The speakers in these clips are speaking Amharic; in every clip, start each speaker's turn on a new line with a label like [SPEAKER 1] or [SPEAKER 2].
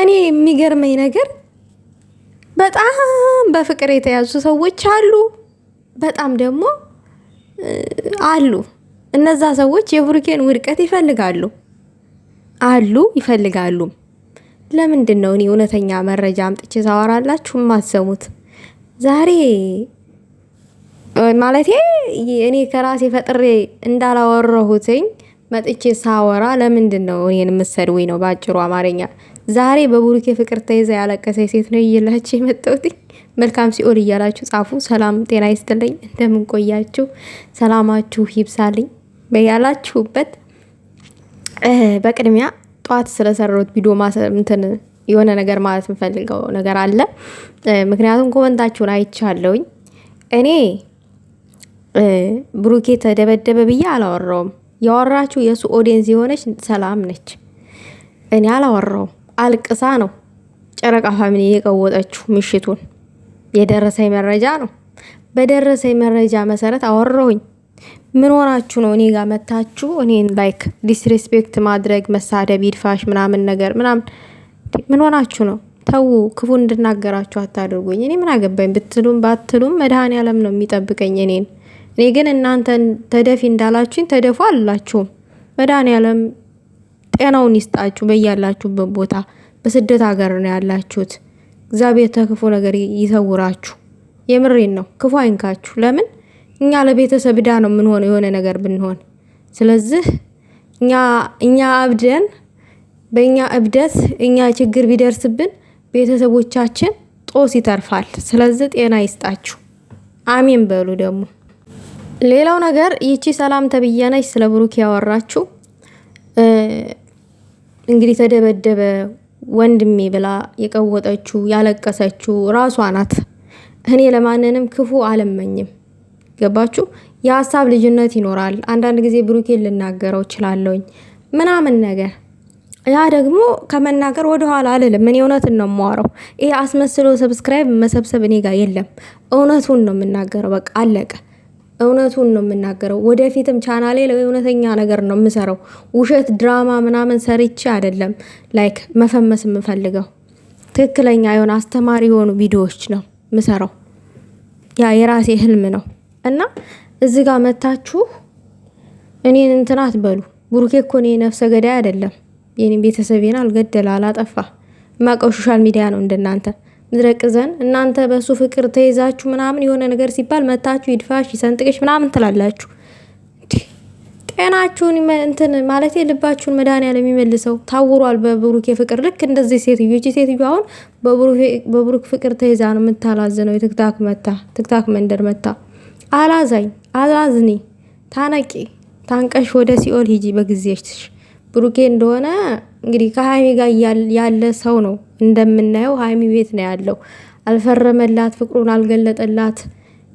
[SPEAKER 1] እኔ የሚገርመኝ ነገር በጣም በፍቅር የተያዙ ሰዎች አሉ፣ በጣም ደግሞ አሉ። እነዛ ሰዎች የብሩኬን ውድቀት ይፈልጋሉ አሉ ይፈልጋሉ። ለምንድን ነው እኔ እውነተኛ መረጃ አምጥቼ ሳወራላችሁ የማትሰሙት? ዛሬ ማለቴ እኔ ከራሴ ፈጥሬ እንዳላወረሁትኝ መጥቼ ሳወራ ለምንድን ነው እኔን የምትሰድቡኝ? ነው በአጭሩ አማርኛ ዛሬ በቡሩኬ ፍቅር ተይዛ ያለቀሰች ሴት ነው እየላችሁ የመጣሁት። መልካም ሲኦል እያላችሁ ጻፉ። ሰላም ጤና ይስጥልኝ። እንደምንቆያችሁ ሰላማችሁ ይብሳልኝ በያላችሁበት። በቅድሚያ ጠዋት ስለሰሩት ቪዲዮ እንትን የሆነ ነገር ማለት የምፈልገው ነገር አለ። ምክንያቱም ኮመንታችሁን አይቻለውኝ። እኔ ብሩኬ ተደበደበ ብዬ አላወራውም። ያወራችሁ የእሱ ኦዲየንስ የሆነች ሰላም ነች። እኔ አላወራውም አልቅሳ ነው ጨረቃ ፋሚሊ የቀወጠችው ምሽቱን። የደረሰኝ መረጃ ነው። በደረሰኝ መረጃ መሰረት አወረውኝ ምን ሆናችሁ ነው እኔ ጋር መታችሁ እኔን ላይክ ዲስሬስፔክት ማድረግ መሳደብ፣ ይድፋሽ ምናምን ነገር ምናምን ምን ሆናችሁ ነው? ተዉ፣ ክፉ እንድናገራችሁ አታድርጉኝ። እኔ ምን አገባኝ ብትሉም ባትሉም መድኃኔዓለም ነው የሚጠብቀኝ እኔን። እኔ ግን እናንተ ተደፊ እንዳላችሁኝ ተደፉ አላችሁም መድኃኔዓለም ጤናውን ይስጣችሁ። በያላችሁበት ቦታ በስደት ሀገር ነው ያላችሁት። እግዚአብሔር ተክፉ ነገር ይሰውራችሁ። የምሬን ነው። ክፉ አይንካችሁ። ለምን እኛ ለቤተሰብ ዕዳ ነው የምንሆነው የሆነ ነገር ብንሆን። ስለዚህ እኛ አብደን በእኛ እብደት እኛ ችግር ቢደርስብን ቤተሰቦቻችን ጦስ ይተርፋል። ስለዚህ ጤና ይስጣችሁ፣ አሜን በሉ። ደግሞ ሌላው ነገር ይቺ ሰላም ተብዬ ነች ስለ ብሩክ ያወራችሁ እንግዲህ ተደበደበ ወንድሜ ብላ የቀወጠችው ያለቀሰችው ራሷ ናት። እኔ ለማንንም ክፉ አልመኝም። ገባችሁ? የሀሳብ ልጅነት ይኖራል። አንዳንድ ጊዜ ብሩኬን ልናገረው እችላለሁኝ ምናምን ነገር ያ ደግሞ ከመናገር ወደኋላ አልልም። እኔ እውነትን ነው የማወራው። ይሄ አስመስሎ ሰብስክራይብ መሰብሰብ እኔ ጋር የለም። እውነቱን ነው የምናገረው። በቃ አለቀ። እውነቱን ነው የምናገረው። ወደፊትም ቻናሌ እውነተኛ ነገር ነው የምሰራው። ውሸት ድራማ ምናምን ሰርቼ አይደለም ላይክ መፈመስ የምፈልገው ትክክለኛ የሆነ አስተማሪ የሆኑ ቪዲዮዎች ነው ምሰራው። ያ የራሴ ህልም ነው እና እዚህ ጋር መታችሁ እኔን እንትን አትበሉ። ብሩኬ እኮ እኔ ነፍሰ ገዳይ አይደለም። የኔ ቤተሰቤን አልገደለ አላጠፋ የማውቀው ሶሻል ሚዲያ ነው እንደናንተ ምድረቅ ዘን እናንተ በእሱ ፍቅር ተይዛችሁ ምናምን የሆነ ነገር ሲባል መታችሁ ይድፋሽ ይሰንጥቅሽ ምናምን ትላላችሁ። ጤናችሁን እንትን ማለት ልባችሁን መድኃኒዓለም የሚመልሰው ታውሯል በብሩክ የፍቅር ልክ እንደዚህ ሴትዮ እቺ ሴትዮ አሁን በብሩክ ፍቅር ተይዛ ነው የምታላዝነው። የትክታክ መታ ትክታክ መንደር መታ አላዛኝ አላዝኒ ታነቂ ታንቀሽ ወደ ሲኦል ሂጂ በጊዜሽ ብሩኬ እንደሆነ እንግዲህ ከሀይሚ ጋር ያለ ሰው ነው እንደምናየው። ሀይሚ ቤት ነው ያለው። አልፈረመላት፣ ፍቅሩን አልገለጠላት።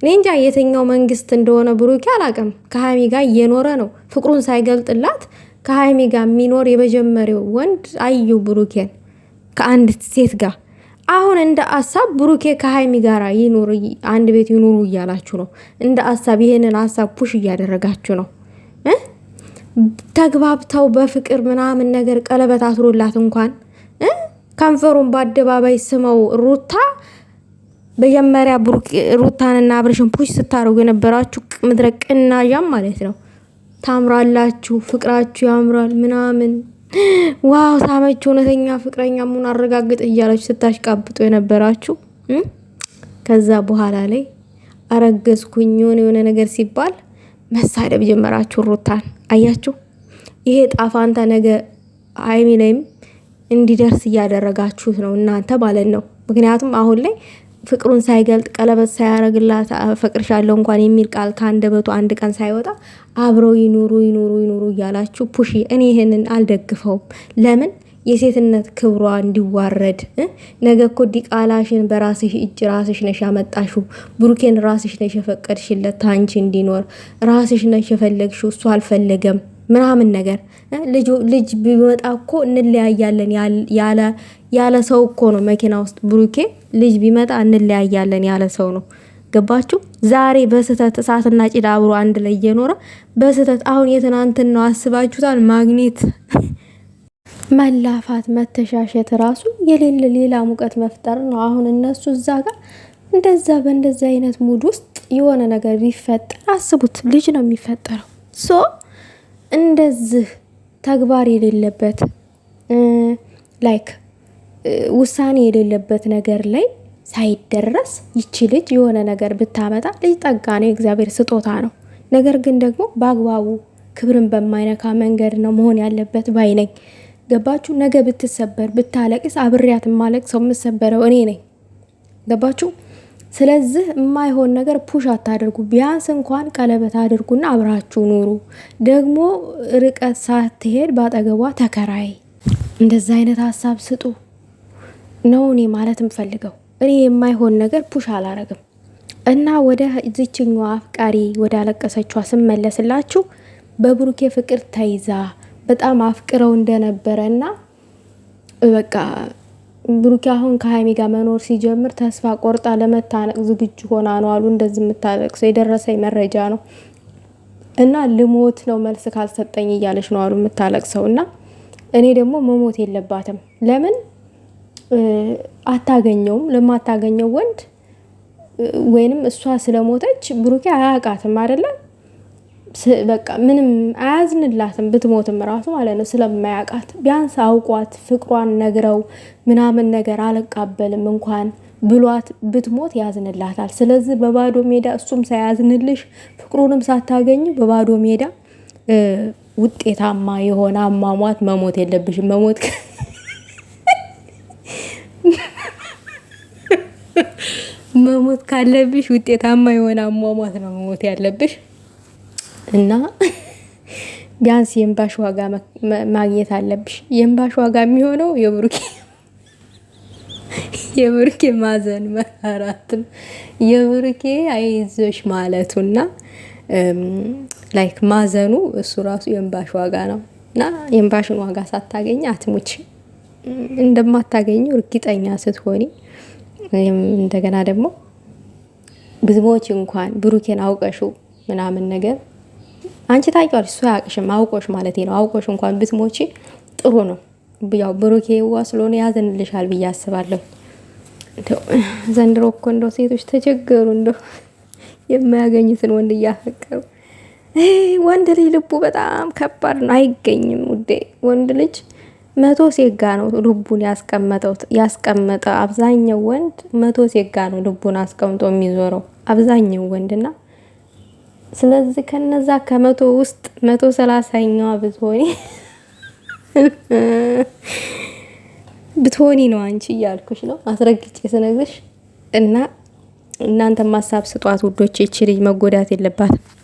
[SPEAKER 1] እኔ እንጃ የትኛው መንግስት እንደሆነ ብሩኬ አላቅም። ከሀይሚ ጋር እየኖረ ነው ፍቅሩን ሳይገልጥላት ከሀይሚ ጋር የሚኖር የመጀመሪያው ወንድ አዩ ብሩኬን ከአንድ ሴት ጋር አሁን እንደ አሳብ ብሩኬ ከሀይሚ ጋር ይኖር አንድ ቤት ይኖሩ እያላችሁ ነው። እንደ አሳብ ይሄንን ሀሳብ ፑሽ እያደረጋችሁ ነው። ተግባብተው በፍቅር ምናምን ነገር ቀለበት አስሮላት እንኳን ከንፈሩን በአደባባይ ስመው ሩታ መጀመሪያ ሩታንና አብርሽን ፑሽ ስታደርጉ የነበራችሁ ምድረ ቅናዣም ማለት ነው። ታምራላችሁ፣ ፍቅራችሁ ያምራል ምናምን ዋው ሳመች፣ እውነተኛ ፍቅረኛ መሆን አረጋግጥ እያላችሁ ስታሽቃብጡ የነበራችሁ ከዛ በኋላ ላይ አረገዝኩኝ የሆነ የሆነ ነገር ሲባል መሳደብ ጀመራችሁ ሩታን። አያችሁ፣ ይሄ ጣፋንታ ነገ ሀይሚ ላይም እንዲደርስ እያደረጋችሁት ነው እናንተ ማለት ነው። ምክንያቱም አሁን ላይ ፍቅሩን ሳይገልጥ ቀለበት ሳያረግላት አፈቅርሻለሁ እንኳን የሚል ቃል ከአንደበቱ አንድ ቀን ሳይወጣ አብረው ይኑሩ ይኑሩ ይኑሩ እያላችሁ ፑሽ። እኔ ይህንን አልደግፈውም። ለምን የሴትነት ክብሯ እንዲዋረድ ነገ እኮ ዲቃላሽን በራስሽ እጅ ራስሽ ነሽ ያመጣሽው። ብሩኬን ራስሽ ነሽ የፈቀድሽለት ታንቺ እንዲኖር ራስሽ ነሽ የፈለግሽው፣ እሱ አልፈለገም ምናምን ነገር ልጅ ቢመጣ እኮ እንለያያለን ያለ ሰው እኮ ነው። መኪና ውስጥ ብሩኬ ልጅ ቢመጣ እንለያያለን ያለ ሰው ነው። ገባችሁ? ዛሬ በስህተት እሳትና ጭድ አብሮ አንድ ላይ እየኖረ በስህተት አሁን ነው አስባችሁታል ማግኘት መላፋት፣ መተሻሸት ራሱ የሌለ ሌላ ሙቀት መፍጠር ነው። አሁን እነሱ እዛ ጋር እንደዛ በእንደዛ አይነት ሙድ ውስጥ የሆነ ነገር ቢፈጠር አስቡት፣ ልጅ ነው የሚፈጠረው። ሶ እንደዚህ ተግባር የሌለበት ላይክ ውሳኔ የሌለበት ነገር ላይ ሳይደረስ ይቺ ልጅ የሆነ ነገር ብታመጣ ልጅ ጠጋ ነው፣ የእግዚአብሔር ስጦታ ነው። ነገር ግን ደግሞ በአግባቡ ክብርን በማይነካ መንገድ ነው መሆን ያለበት ባይነኝ። ገባችሁ? ነገ ብትሰበር ብታለቅስ አብሬያት ማለቅ ሰው የምሰበረው እኔ ነኝ። ገባችሁ? ስለዚህ የማይሆን ነገር ፑሽ አታደርጉ። ቢያንስ እንኳን ቀለበት አድርጉና አብራችሁ ኑሩ። ደግሞ ርቀት ሳትሄድ በአጠገቧ ተከራይ። እንደዛ አይነት ሀሳብ ስጡ ነው እኔ ማለት የምፈልገው። እኔ የማይሆን ነገር ፑሽ አላረግም እና ወደ ዝችኛዋ አፍቃሪ ወደ አለቀሰችዋ ስመለስላችሁ በብሩኬ ፍቅር ተይዛ በጣም አፍቅረው እንደነበረ እና በቃ ብሩኬ አሁን ከሀይሚ ጋር መኖር ሲጀምር ተስፋ ቆርጣ ለመታነቅ ዝግጁ ሆና ነው አሉ። እንደዚህ የምታለቅሰው የደረሰኝ መረጃ ነው እና ልሞት ነው መልስ ካልሰጠኝ እያለች ነው አሉ የምታለቅሰው። እና እኔ ደግሞ መሞት የለባትም ለምን አታገኘውም? ለማታገኘው ወንድ ወይንም እሷ ስለሞተች ብሩኬ አያውቃትም አይደለም በቃ ምንም አያዝንላትም ብትሞትም ራሱ ማለት ነው ስለማያውቃት ቢያንስ አውቋት ፍቅሯን ነግረው ምናምን ነገር አልቃበልም እንኳን ብሏት ብትሞት ያዝንላታል። ስለዚህ በባዶ ሜዳ እሱም ሳያዝንልሽ ፍቅሩንም ሳታገኝ በባዶ ሜዳ ውጤታማ የሆነ አሟሟት መሞት የለብሽም። መሞት መሞት ካለብሽ ውጤታማ የሆነ አሟሟት ነው መሞት ያለብሽ። እና ቢያንስ የእንባሽ ዋጋ ማግኘት አለብሽ። የእምባሽ ዋጋ የሚሆነው የብሩኬ የብሩኬ ማዘን መራራትም የብሩኬ አይዞሽ ማለቱና ላይክ ማዘኑ እሱ ራሱ የእምባሽ ዋጋ ነው እና የእምባሽን ዋጋ ሳታገኝ አትሙች። እንደማታገኙ እርግጠኛ ስትሆኒ እንደገና ደግሞ ብዙዎች እንኳን ብሩኬን አውቀሽው ምናምን ነገር አንቺ ታውቂዋለሽ፣ እሱ አያውቅሽም። አውቆሽ ማለት ነው። አውቆሽ እንኳን ብትሞቺ ጥሩ ነው። ያው ብሩኬ ዋ ስለሆነ ያዘንልሻል ብዬ አስባለሁ። ዘንድሮ እኮ እንደው ሴቶች ተቸገሩ፣ እንደው የማያገኙትን ወንድ እያፈቀሩ ወንድ ልጅ ልቡ በጣም ከባድ ነው፣ አይገኝም ውዴ። ወንድ ልጅ መቶ ሴጋ ነው ልቡን ያስቀመጠው ያስቀመጠ አብዛኛው ወንድ መቶ ሴጋ ነው ልቡን አስቀምጦ የሚዞረው አብዛኛው ወንድና ስለዚህ ከነዛ ከመቶ ውስጥ መቶ ሰላሳኛዋ ብትሆኒ ብትሆኒ ነው አንቺ እያልኩሽ ነው አስረግጬ ስነግርሽ እና እናንተም ሀሳብ ስጧት ውዶች። ይቺ ልጅ መጎዳት የለባትም።